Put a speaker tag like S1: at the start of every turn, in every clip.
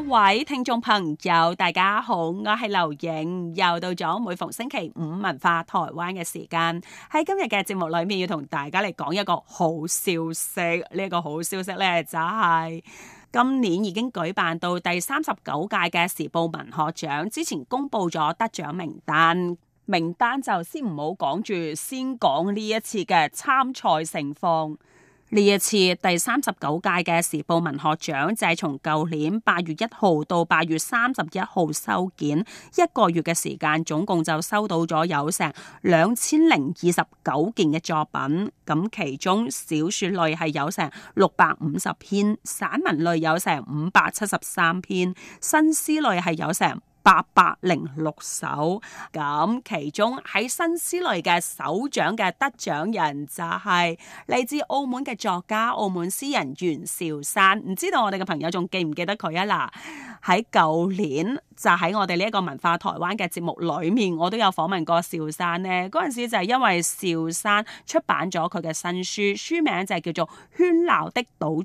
S1: 各位聽眾朋友，大家好，我係劉影，又到咗每逢星期五文化台灣嘅時間。喺今日嘅節目裏面，要同大家嚟講一個好消息。呢一個好消息咧，就係今年已經舉辦到第三十九屆嘅時報文學獎，之前公布咗得獎名單。名單就先唔好講住，先講呢一次嘅參賽情況。呢一次第三十九屆嘅時報文學獎，就係從舊年八月一號到八月三十一號收件，一個月嘅時間，總共就收到咗有成兩千零二十九件嘅作品。咁其中小說類係有成六百五十篇，散文類有成五百七十三篇，新詩類係有成八百零六首，咁其中喺新詩類嘅首獎嘅得獎人就係嚟自澳門嘅作家、澳門詩人袁紹珊，唔知道我哋嘅朋友仲記唔記得佢啊嗱？喺舊年就喺我哋呢一個文化台灣嘅節目裏面，我都有訪問過紹珊呢，嗰陣時就係因為紹珊出版咗佢嘅新書，書名就係叫做《喧鬧的島嶼》。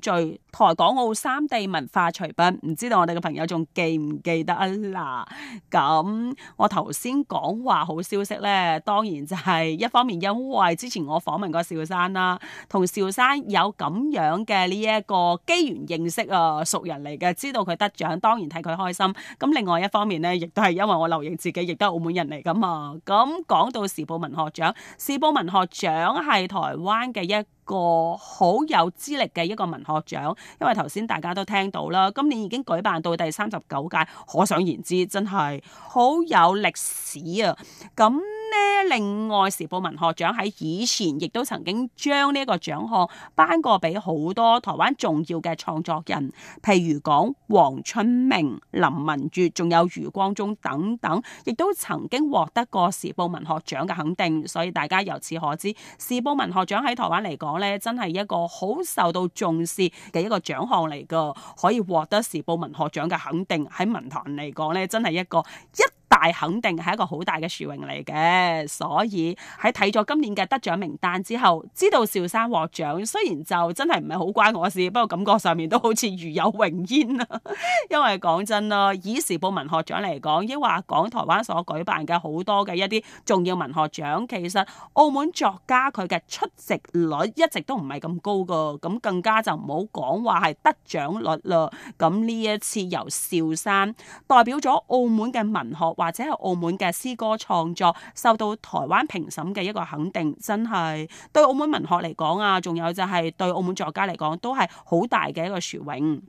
S1: 台港澳三地文化隨筆，唔知道我哋嘅朋友仲記唔記得啦？咁我頭先講話好消息呢，當然就係一方面因為之前我訪問過紹珊啦，同紹珊有咁樣嘅呢一個機緣認識啊，熟人嚟嘅，知道佢得獎當然。睇佢開心，咁另外一方面呢，亦都係因為我留言，自己，亦都係澳門人嚟㗎嘛。咁講到時報文學獎，時報文學獎係台灣嘅一。個好有資歷嘅一個文學獎，因為頭先大家都聽到啦，今年已經舉辦到第三十九屆，可想而知，真係好有歷史啊！咁呢，另外《時報文學獎》喺以前亦都曾經將呢一個獎項頒過俾好多台灣重要嘅創作人，譬如講黃春明、林文月，仲有余光中等等，亦都曾經獲得過《時報文學獎》嘅肯定。所以大家由此可知，《時報文學獎》喺台灣嚟講，咧，真係一個好受到重視嘅一個獎項嚟噶可以獲得《時報文學獎》嘅肯定。喺文壇嚟講，咧，真係一個一。大肯定係一個好大嘅殊榮嚟嘅，所以喺睇咗今年嘅得獎名單之後，知道紹珊獲獎雖然就真係唔係好關我事，不過感覺上面都好似如有榮焉啊。 因為講真啦，以時報文學獎嚟講，抑或港台灣所舉辦嘅好多嘅一啲重要文學獎，其實澳門作家佢嘅出席率一直都唔係咁高噶，咁更加就唔好講話係得獎率啦。咁呢一次由紹珊代表咗澳門嘅文學。或者係澳門嘅詩歌創作受到台灣評審嘅一個肯定，真係對澳門文學嚟講啊，仲有就係對澳門作家嚟講都係好大嘅一個殊榮。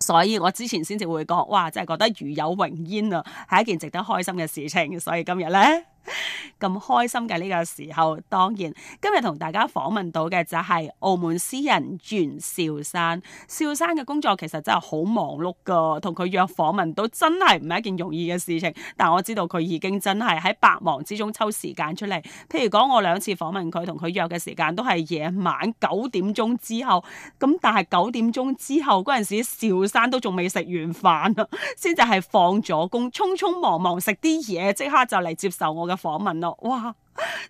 S1: 所以我之前先至會講，哇，真係覺得如有榮焉啊，係一件值得開心嘅事情。所以今日呢。咁開心嘅呢個時候，當然今日同大家訪問到嘅就係澳門詩人袁紹珊。紹珊嘅工作其實真係好忙碌噶，同佢約訪問到真係唔係一件容易嘅事情。但我知道佢已經真係喺百忙之中抽時間出嚟。譬如講，我兩次訪問佢，同佢約嘅時間都係夜晚九點鐘之後。咁但係九點鐘之後嗰陣時，紹珊都仲未食完飯啦，先至係放咗工，匆匆忙忙食啲嘢，即刻就嚟接受我嘅。訪問咯，哇！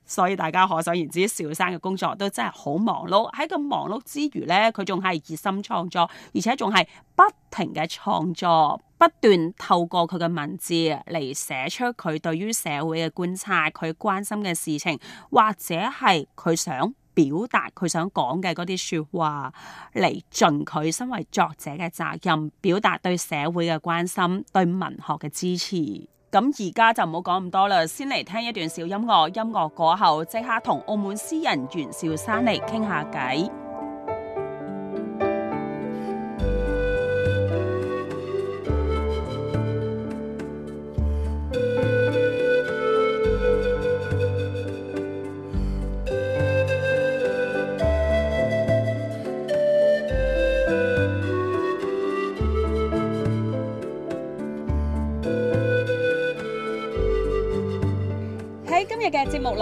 S1: 所以大家可想而知邵生嘅工作都真係好忙碌。喺咁忙碌之餘呢，佢仲係熱心創作，而且仲係不停嘅創作，不斷透過佢嘅文字嚟寫出佢對於社會嘅觀察，佢關心嘅事情，或者係佢想表達佢想講嘅嗰啲說話，嚟盡佢身為作者嘅責任，表達對社會嘅關心，對文學嘅支持。咁而家就唔好講咁多啦，先嚟聽一段小音樂。音樂過後，即刻同澳門詩人袁紹珊嚟傾下偈。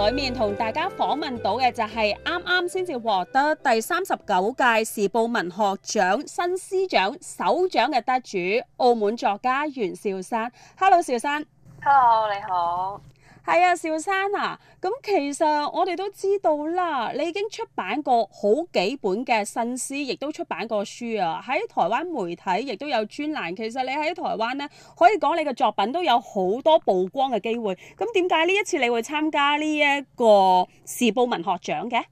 S1: 裏面同大家訪問到嘅就係啱啱先至獲得第三十九屆時報文學獎新詩獎首獎嘅得主澳門作家袁紹珊。Hello，紹珊。Hello，你好。係啊，紹珊啊，咁、嗯、其實我哋都知道啦，你已經出版過好幾本嘅新詩，亦都出版過書啊，喺台灣媒體亦都有專欄。其實你喺台灣咧，可以講你嘅作品都有好多曝光嘅機會。咁點解呢一次你會參加呢一個時報文學獎嘅？
S2: 誒、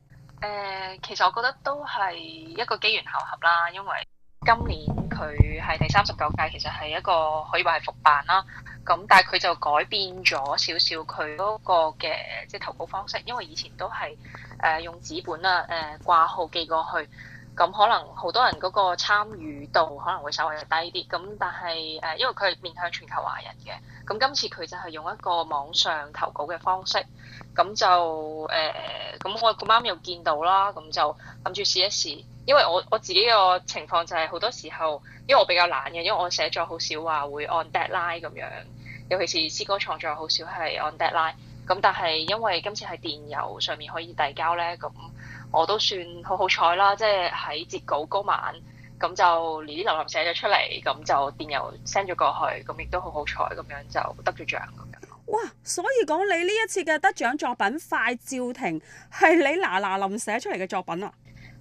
S2: 呃，其實我覺得都係一個機緣巧合啦，因為今年佢係第三十九屆，其實係一個可以話係復辦啦。咁但係佢就改變咗少少佢嗰個嘅即係投稿方式，因為以前都係誒、呃、用紙本啦，誒、呃、掛號寄過去，咁可能好多人嗰個參與度可能會稍微低啲。咁但係誒、呃，因為佢係面向全球華人嘅。咁今次佢就係用一個網上投稿嘅方式，咁就誒，咁、呃、我咁啱又見到啦，咁就諗住試一試，因為我我自己個情況就係好多時候，因為我比較懶嘅，因為我寫作好少話會按 deadline 咁樣，尤其是詩歌創作好少係按 deadline，咁但係因為今次喺電郵上面可以遞交咧，咁我都算好好彩啦，即係喺截稿嗰晚。咁、嗯、就呢啲流流寫咗出嚟，咁、嗯、就電郵 send 咗過去，咁亦都好好彩，咁樣就得咗獎
S1: 咁樣。哇！所以講你呢一次嘅得獎作品《快照亭》，係你嗱嗱臨寫出嚟嘅作品啊？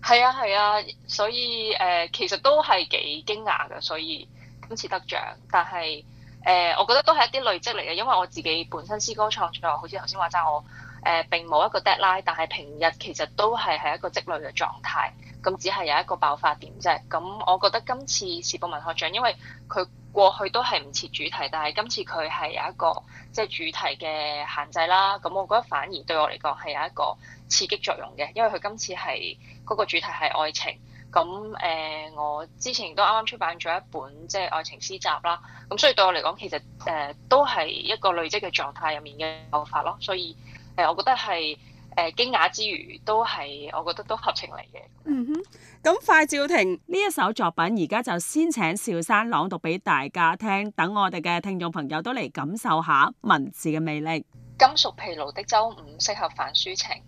S2: 係啊係啊，所以誒、呃，其實都係幾驚訝嘅，所以今次得獎。但係誒、呃，我覺得都係一啲累積嚟嘅，因為我自己本身詩歌創作，好似頭先話齋，我誒、呃、並冇一個 deadline，但係平日其實都係係一個積累嘅狀態。咁只係有一個爆發點啫，咁我覺得今次時報文學獎，因為佢過去都係唔設主題，但係今次佢係有一個即係、就是、主題嘅限制啦。咁我覺得反而對我嚟講係有一個刺激作用嘅，因為佢今次係嗰、那個主題係愛情。咁誒、呃，我之前都啱啱出版咗一本即係、就是、愛情詩集啦。咁所以對我嚟講，其實誒、呃、都係一個累積嘅狀態入面嘅爆發咯。所以誒、呃，我覺得係。誒，驚訝、呃、之餘，都係我覺得都合情理嘅。
S1: 嗯哼，咁《快照亭》呢一首作品，而家就先請紹珊朗讀俾大家聽，等我哋嘅聽眾朋友都嚟感受下文字嘅魅力。
S2: 金屬疲勞的周五，適合反抒情。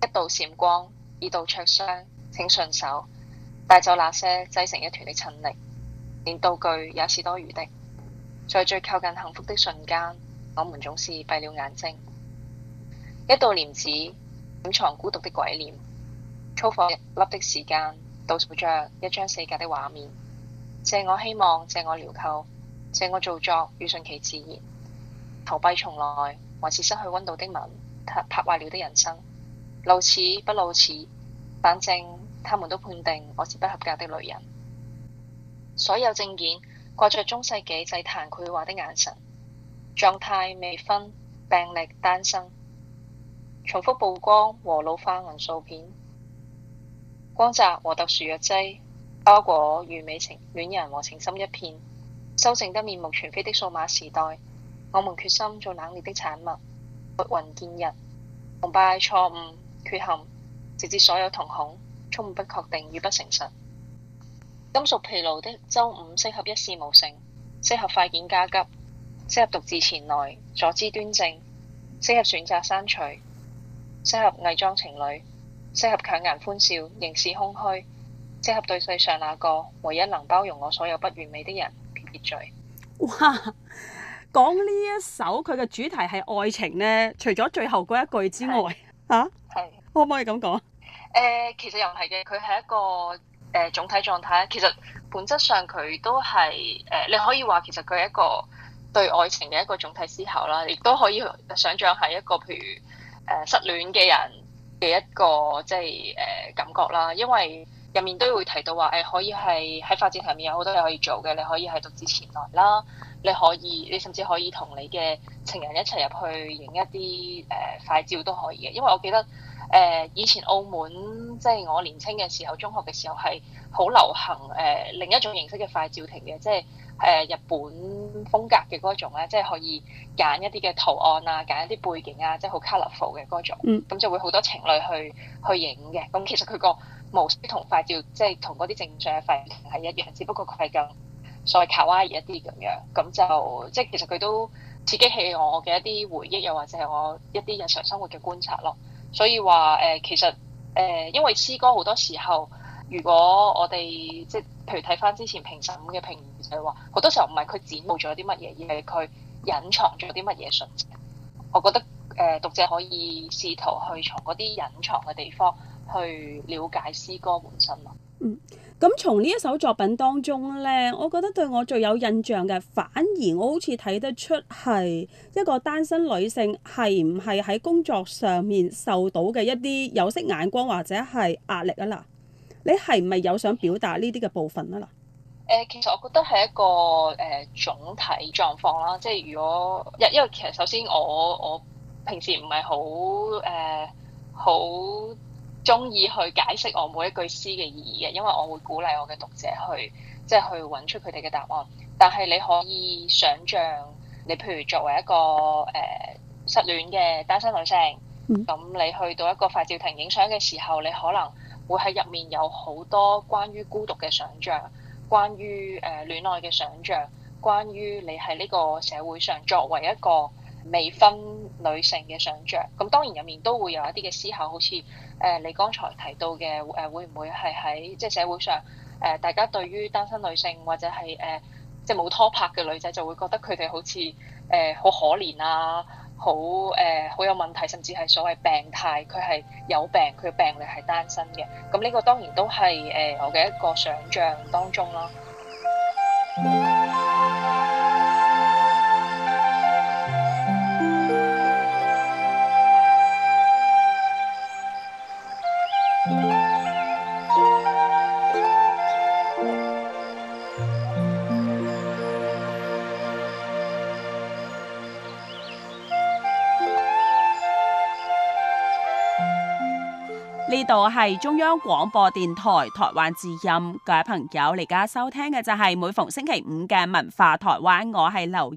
S2: 一度閃光，二度灼傷，請順手帶走那些擠成一團的襯力，連道具也是多餘的。在最,最靠近幸福的瞬間，我們總是閉了眼睛。一道簾子掩藏孤獨的鬼臉，粗放一粒的時間，倒數着一張四格的畫面。借我希望，借我遼購，借我做作與順其自然。投幣從來還是失去溫度的吻，拍拍壞了的人生。露齒不露齒，反正他們都判定我是不合格的女人。所有證件掛着中世紀祭壇繪畫的眼神，狀態未婚，病歷單身。重複曝光和老化銀素片，光澤和特殊藥劑，包裹完美情戀人和情深一片，修正得面目全非的數碼時代，我們決心做冷烈的產物，撥雲見日，崇拜錯誤缺陷，直至所有瞳孔充滿不確定與不誠實。金屬疲勞的周五適合一事無成，適合快件加急，適合獨自前來坐姿端正，適合選擇刪除。.適合偽裝情侶，適合強顏歡笑、凝視空虛，適合對世上那個唯一能包容我所有不完美的人。別罪
S1: 哇，講呢一首，佢嘅主題係愛情呢，除咗最後嗰一句之外，吓係可唔可以咁講？
S2: 誒、呃，其實又唔係嘅，佢係一個誒、呃、總體狀態。其實本質上佢都係誒、呃，你可以話其實佢係一個對愛情嘅一個總體思考啦，亦都可以想象係一個譬如。誒失戀嘅人嘅一個即係誒、呃、感覺啦，因為入面都會提到話誒、欸、可以係喺發展上面有好多嘢可以做嘅，你可以係獨自前來啦，你可以你甚至可以同你嘅情人一齊入去影一啲誒、呃、快照都可以嘅，因為我記得誒、呃、以前澳門即係我年青嘅時候，中學嘅時候係好流行誒、呃、另一種形式嘅快照亭嘅，即係。誒日本風格嘅嗰種咧，即係可以揀一啲嘅圖案啊，揀一啲背景啊，即係好 colourful 嘅嗰種。嗯。咁就會好多情侶去去影嘅。咁其實佢個模式同快照，即係同嗰啲正常嘅快照係一樣，只不過佢係更所謂卡哇伊一啲咁樣。咁就即係其實佢都刺激起我嘅一啲回憶，又或者係我一啲日常生活嘅觀察咯。所以話誒、呃，其實誒、呃，因為詩歌好多時候。如果我哋即係，譬如睇翻之前評審嘅評，評語，就係話好多時候唔係佢展露咗啲乜嘢，而係佢隱藏咗啲乜嘢信息。我覺得誒、呃、讀者可以試圖去從嗰啲隱藏嘅地方去了解詩歌本身咯。嗯，
S1: 咁從呢一首作品當中咧，我覺得對我最有印象嘅，反而我好似睇得出係一個單身女性係唔係喺工作上面受到嘅一啲有色眼光或者係壓力啊嗱。你係咪有想表達呢啲嘅部分啊？啦，
S2: 誒，其實我覺得係一個誒、呃、總體狀況啦，即係如果一因為其實首先我我平時唔係好誒好中意去解釋我每一句詩嘅意義嘅，因為我會鼓勵我嘅讀者去即係去揾出佢哋嘅答案。但係你可以想象，你譬如作為一個誒、呃、失戀嘅單身女性，咁你去到一個快照亭影相嘅時候，你可能。會喺入面有好多關於孤獨嘅想像，關於誒、呃、戀愛嘅想像，關於你喺呢個社會上作為一個未婚女性嘅想像。咁當然入面都會有一啲嘅思考，好似誒、呃、你剛才提到嘅誒、呃，會唔會係喺即係社會上誒、呃，大家對於單身女性或者係誒、呃、即係冇拖拍嘅女仔就會覺得佢哋好似誒好可憐啊？好誒、呃，好有問題，甚至係所謂病態，佢係有病，佢嘅病歷係單身嘅，咁呢個當然都係誒、呃、我嘅一個想像當中咯。
S1: 呢度係中央廣播電台、台灣之音，各位朋友，而家收聽嘅就係每逢星期五嘅文化台灣，我係劉瑩。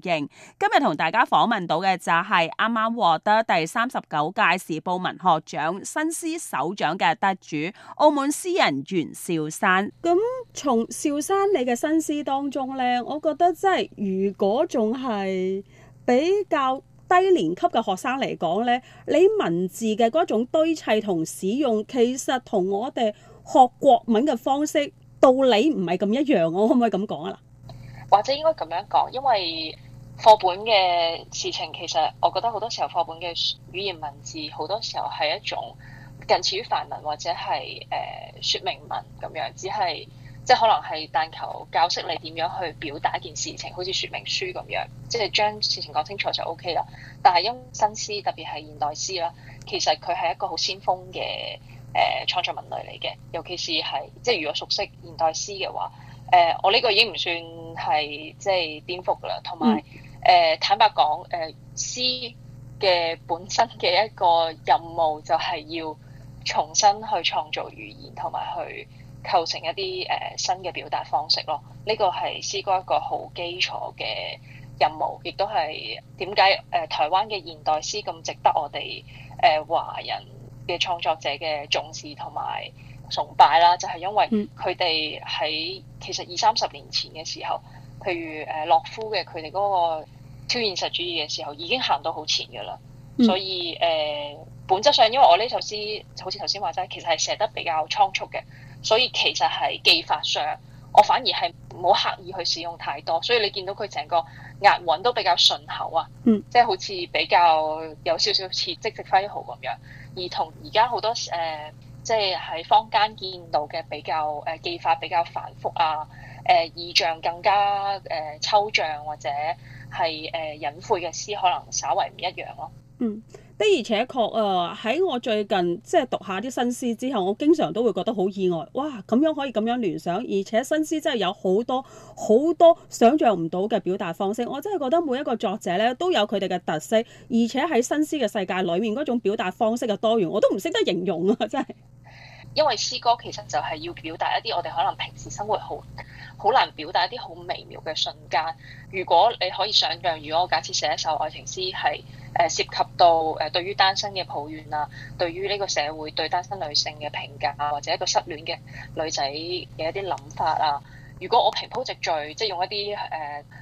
S1: 今日同大家訪問到嘅就係啱啱獲得第三十九屆時報文學獎新詩首獎嘅得主澳門詩人袁紹珊。咁從紹珊你嘅新詩當中呢，我覺得真係如果仲係比較。低年級嘅學生嚟講呢，你文字嘅嗰種堆砌同使用，其實同我哋學國文嘅方式道理唔係咁一樣，我可唔可以咁講啊？
S2: 或者應該咁樣講，因為課本嘅事情，其實我覺得好多時候課本嘅語言文字，好多時候係一種近似於範文或者係誒、呃、說明文咁樣，只係。即係可能係但求教識你點樣去表達一件事情，好似説明書咁樣，即係將事情講清楚就 OK 啦。但係因新詩特別係現代詩啦，其實佢係一個好先鋒嘅誒、呃、創作文類嚟嘅，尤其是係即係如果熟悉現代詩嘅話，誒、呃、我呢個已經唔算係即係顛覆㗎啦。同埋誒坦白講，誒、呃、詩嘅本身嘅一個任務就係要重新去創造語言，同埋去。構成一啲誒、呃、新嘅表達方式咯，呢、這個係詩歌一個好基礎嘅任務，亦都係點解誒台灣嘅現代詩咁值得我哋誒、呃、華人嘅創作者嘅重視同埋崇拜啦，就係、是、因為佢哋喺其實二三十年前嘅時候，譬如誒洛、呃、夫嘅佢哋嗰個超現實主義嘅時候，已經行到好前㗎喇，嗯、所以誒。呃本質上，因為我呢首詩好似頭先話齋，其實係寫得比較倉促嘅，所以其實係技法上，我反而係冇刻意去使用太多，所以你見到佢成個押韻都比較順口啊，嗯，即係好似比較有少少似即席揮毫咁樣，而同而家好多誒、呃，即係喺坊間見到嘅比較誒、呃、技法比較繁複啊，誒、呃、意象更加誒、呃、抽象或者係誒、呃、隱晦嘅詩，可能稍為唔一樣咯、啊，嗯。
S1: 的而且確啊！喺我最近即係讀下啲新詩之後，我經常都會覺得好意外，哇！咁樣可以咁樣聯想，而且新詩真係有好多好多想像唔到嘅表達方式。我真係覺得每一個作者咧都有佢哋嘅特色，而且喺新詩嘅世界裏面嗰種表達方式嘅多元，我都唔識得形容啊！真係，
S2: 因為詩歌其實就係要表達一啲我哋可能平時生活好好難表達一啲好微妙嘅瞬間。如果你可以想像，如果我假設寫一首愛情詩係，誒涉及到誒對於單身嘅抱怨啊，對於呢個社會對單身女性嘅評價啊，或者一個失戀嘅女仔嘅一啲諗法啊。如果我平鋪直敍，即係用一啲誒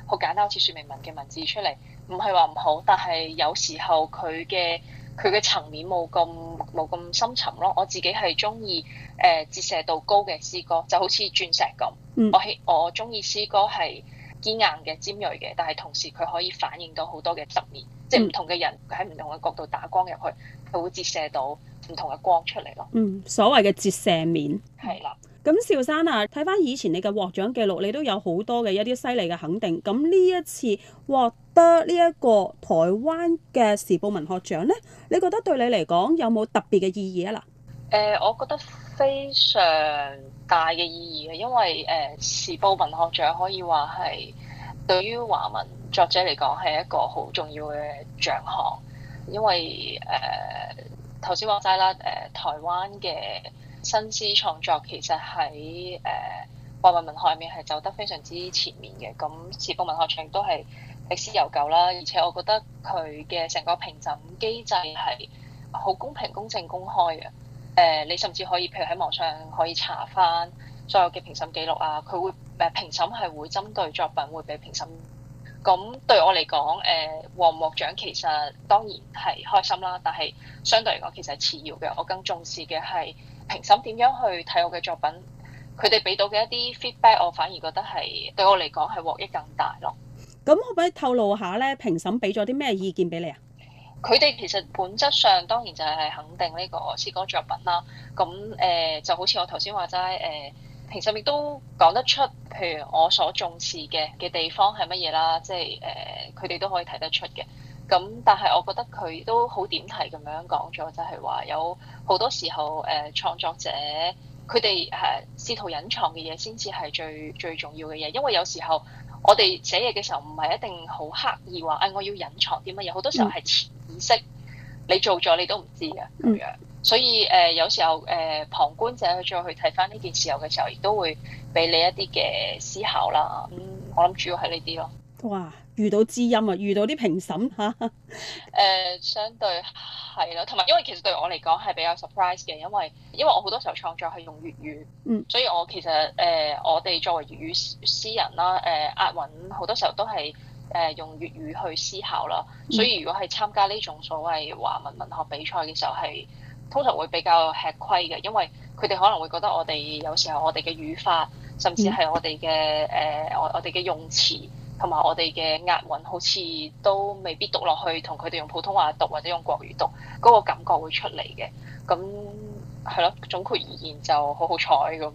S2: 好簡單好似説明文嘅文字出嚟，唔係話唔好，但係有時候佢嘅佢嘅層面冇咁冇咁深沉咯。我自己係中意誒折射度高嘅詩歌，就好似鑽石咁。我係我中意詩歌係堅硬嘅尖鋭嘅，但係同時佢可以反映到好多嘅側面。即係唔同嘅人喺唔同嘅角度打光入去，佢會折射到唔同嘅光出嚟咯。
S1: 嗯，所謂嘅折射面。係啦。咁，紹生啊，睇翻以前你嘅獲獎記錄，你都有好多嘅一啲犀利嘅肯定。咁呢一次獲得呢一個台灣嘅時報文學獎呢，你覺得對你嚟講有冇特別嘅意義啊？嗱。
S2: 誒，我覺得非常大嘅意義啊，因為誒、呃、時報文學獎可以話係對於華文。作者嚟講係一個好重要嘅獎項，因為誒頭先話齋啦。誒、呃呃，台灣嘅新詩創作其實喺誒、呃、華文文學入面係走得非常之前面嘅。咁，時報文學獎都係歷史悠久啦，而且我覺得佢嘅成個評審機制係好公平、公正、公開嘅。誒、呃，你甚至可以譬如喺網上可以查翻所有嘅評審記錄啊。佢會誒評審係會針對作品會俾評審。咁對我嚟講，誒、欸、獲唔獲獎其實當然係開心啦，但係相對嚟講其實係次要嘅。我更重視嘅係評審點樣去睇我嘅作品，佢哋俾到嘅一啲 feedback，我反而覺得係對我嚟講係獲益更大咯。
S1: 咁可唔可以透露下咧？評審俾咗啲咩意見俾你啊？
S2: 佢哋其實本質上當然就係肯定呢個詩歌作品啦。咁誒、欸、就好似我頭先話齋誒。欸平時咪都講得出，譬如我所重視嘅嘅地方係乜嘢啦，即係誒，佢、呃、哋都可以睇得出嘅。咁但係我覺得佢都好點題咁樣講咗，就係、是、話有好多時候誒、呃，創作者佢哋誒試圖隱藏嘅嘢，先至係最最重要嘅嘢。因為有時候我哋寫嘢嘅時候唔係一定好刻意話，誒、哎、我要隱藏啲乜嘢，好多時候係潛意識，你做咗你都唔知嘅咁、嗯、樣。所以誒、呃，有時候誒、呃、旁觀者去再去睇返呢件事由嘅時候，亦都會俾你一啲嘅思考啦。咁、嗯、我諗主要係呢啲咯。
S1: 哇！遇到知音啊，遇到啲評審嚇。
S2: 誒、呃，相對係咯，同埋因為其實對我嚟講係比較 surprise 嘅，因為因為我好多時候創作係用粵語，嗯，所以我其實誒、呃、我哋作為粵語詩人啦，誒、呃、押韻好多時候都係誒用粵語去思考啦。所以如果係參加呢種所謂華文文學比賽嘅時候係，通常會比較吃虧嘅，因為佢哋可能會覺得我哋有時候我哋嘅語法，甚至係我哋嘅誒，我我哋嘅用詞，同埋我哋嘅押韻，好似都未必讀落去，同佢哋用普通話讀或者用國語讀嗰個感覺會出嚟嘅。咁係咯，總括而言就好好彩咁，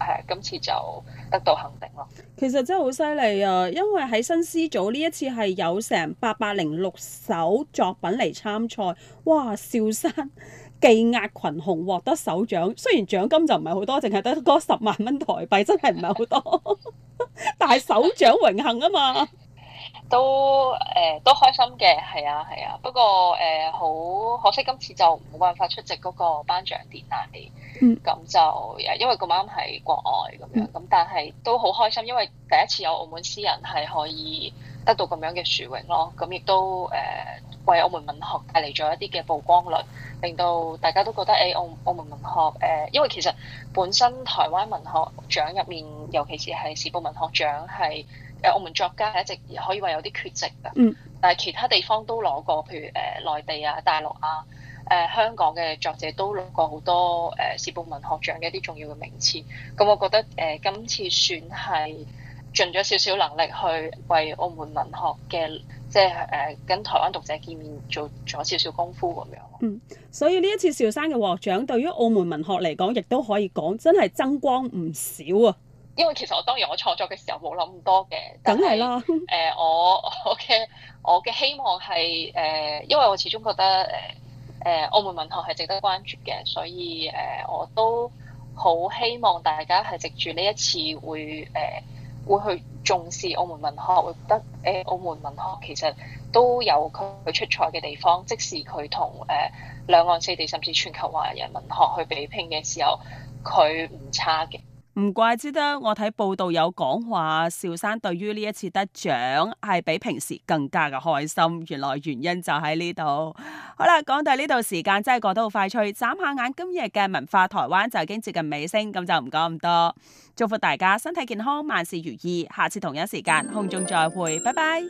S2: 係今次就得到肯定咯。
S1: 其實真係好犀利啊！因為喺新詩組呢一次係有成八百零六首作品嚟參賽，哇！紹珊～技壓群雄獲得首獎，雖然獎金就唔係好多，淨係得嗰十萬蚊台幣，真係唔係好多。 但係首獎榮幸啊嘛，
S2: 都誒、呃、都開心嘅，係啊係啊。不過誒好、呃、可惜，今次就冇辦法出席嗰個頒獎典禮。咁、嗯、就因為咁啱係國外咁樣，咁但係都好開心，因為第一次有澳門詩人係可以得到咁樣嘅殊榮咯。咁亦都誒、呃、為澳門文學帶嚟咗一啲嘅曝光率，令到大家都覺得誒、欸、澳澳門文學誒、呃，因為其實本身台灣文學獎入面，尤其是係時報文學獎係誒澳門作家係一直可以話有啲缺席嘅。嗯，但係其他地方都攞過，譬如誒、呃、內地啊、大陸啊。誒、呃、香港嘅作者都攞過好多誒《時、呃、報文學獎》嘅一啲重要嘅名次，咁、嗯、我覺得誒、呃、今次算係盡咗少少能力去為澳門文學嘅即係誒、呃、跟台灣讀者見面做咗少少功夫咁樣。嗯，
S1: 所以呢一次紹珊嘅獲獎對於澳門文學嚟講，亦都可以講真係增光唔少啊！
S2: 因為其實我當然我創作嘅時候冇諗咁多嘅，
S1: 梗係啦。誒、
S2: 呃、我我嘅我嘅希望係誒、呃，因為我始終覺得誒。Uh, 澳門文學係值得關注嘅，所以誒，uh, 我都好希望大家係藉住呢一次會誒，uh, 會去重視澳門文學，會覺得，uh, 澳門文學其實都有佢出彩嘅地方，即使佢同誒兩岸四地甚至全球華人文學去比拼嘅時候，佢唔差嘅。
S1: 唔怪之得，我睇報道有講話，紹珊對於呢一次得獎係比平時更加嘅開心。原來原因就喺呢度。好啦，講到呢度時間真係過得好快脆，眨下眼今日嘅文化台灣就已經接近尾聲，咁就唔講咁多。祝福大家身體健康，萬事如意。下次同一時間空中再會，拜拜。